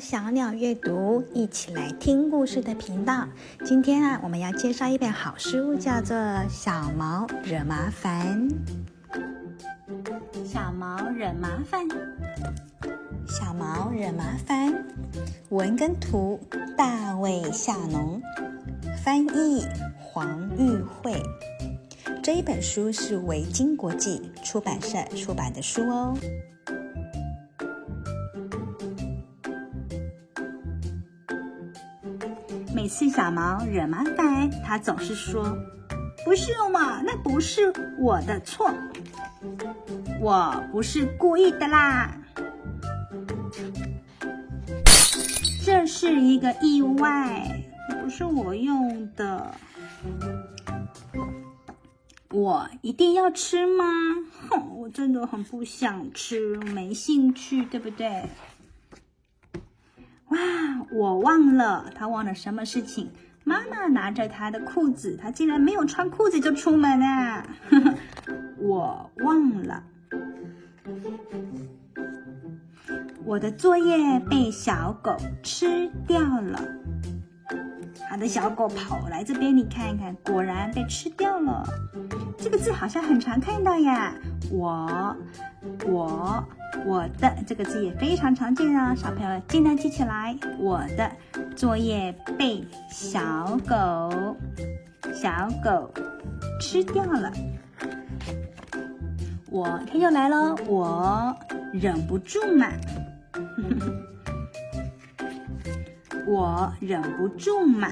小鳥閱讀，一起來聽故事的頻道。今天啊，我們要介紹一本好書，叫做《小毛惹麻煩》。小毛惹麻煩，小毛惹麻煩。文跟圖，大衛夏儂，翻譯黃鈺惠。這一本書是維京國際出版社出版的書哦。每次小毛惹麻煩，他總是說：“不是嘛，那不是我的錯，我不是故意的啦，這是一個意外，不是我用的，我一定要吃嗎？哼，我真的很不想吃，沒興趣，對不對？”啊，我忘了，他忘了什麼事情。媽媽拿着他的褲子，他竟然沒有穿褲子就出門了啊。我忘了，我的作業被小狗吃掉了。他的，小狗跑來這邊，你看看，果然被吃掉了。這個字好像很常看到呀，我，我。我的這個字也非常常見啊，小朋友盡量記起來。我的作業被小狗，小狗吃掉了。我它又來了，我忍不住嘛，呵呵，我忍不住嘛，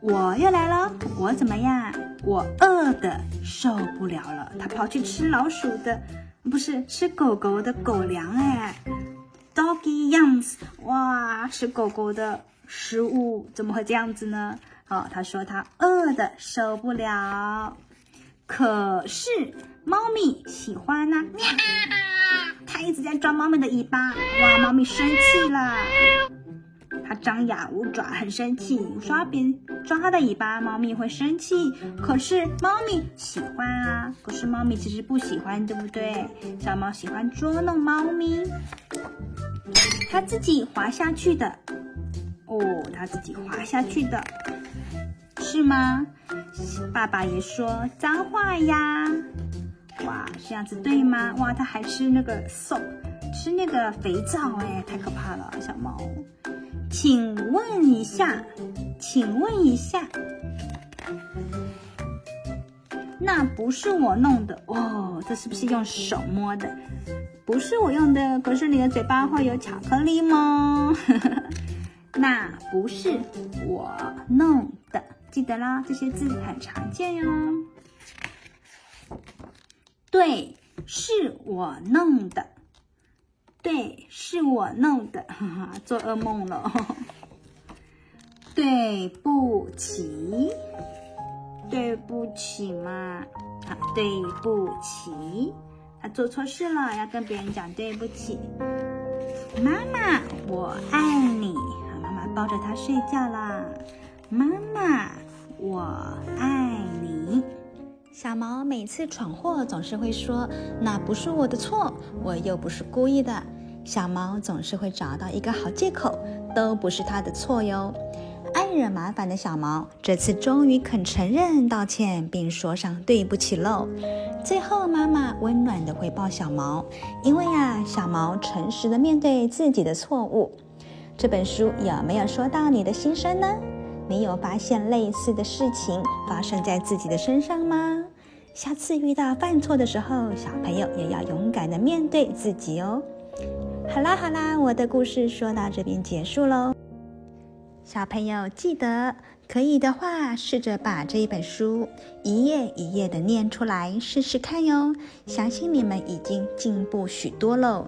我又來了，我怎麼樣？我餓得受不了了，它跑去吃老鼠的，不是吃狗狗的狗糧哎、欸、，Doggy Yams，哇，吃狗狗的食物怎麼會這樣子呢？哦，他說他餓得受不了，可是貓咪喜歡呢、啊，喵，它一直在抓貓咪的尾巴，哇，貓咪生氣了。它張牙舞爪，很生氣。刷邊抓它的尾巴，貓咪會生氣。可是貓咪喜歡啊。可是貓咪其實不喜歡，對不對？小貓喜歡捉弄貓咪。它自己滑下去的。哦，它自己滑下去的，是嗎？爸爸也說髒話呀。哇，這樣子對嗎？哇，它還吃那個 soap，吃那個肥皂，哎，太可怕了，小貓。請問一下，請問一下，那不是我弄的哦，這是不是用手摸的？不是我用的，可是你的嘴巴會有巧克力嗎？ 那不是我弄的，記得啦，這些字很常見喲。對，是我弄的。對，是我弄的，哈哈做噩夢了，哈哈，對不起，對不起嘛，對不起，他做錯事了，要跟別人講對不起。媽媽，我愛你，好，媽媽抱着他睡覺啦。媽媽，我愛你。小毛每次闖禍總是會說：“那不是我的錯，我又不是故意的。”小毛總是會找到一個好借口，都不是他的錯喲。愛惹麻煩的小毛這次終於肯承認、道歉，並說上“對不起嘍”。最後，媽媽溫暖的回抱小毛，因為呀，小毛誠實的面對自己的錯誤。這本書有沒有說到你的心聲呢？你有發現類似的事情發生在自己的身上嗎？下次遇到犯錯的時候，小朋友也要勇敢的面對自己哦。好啦好啦，我的故事說到這邊結束嘍。小朋友記得可以的話，試着把這一本書一頁一頁的念出來試試看喲。相信你們已經進步許多嘍，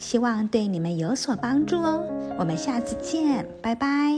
希望對你們有所幫助哦。我們下次見，拜拜。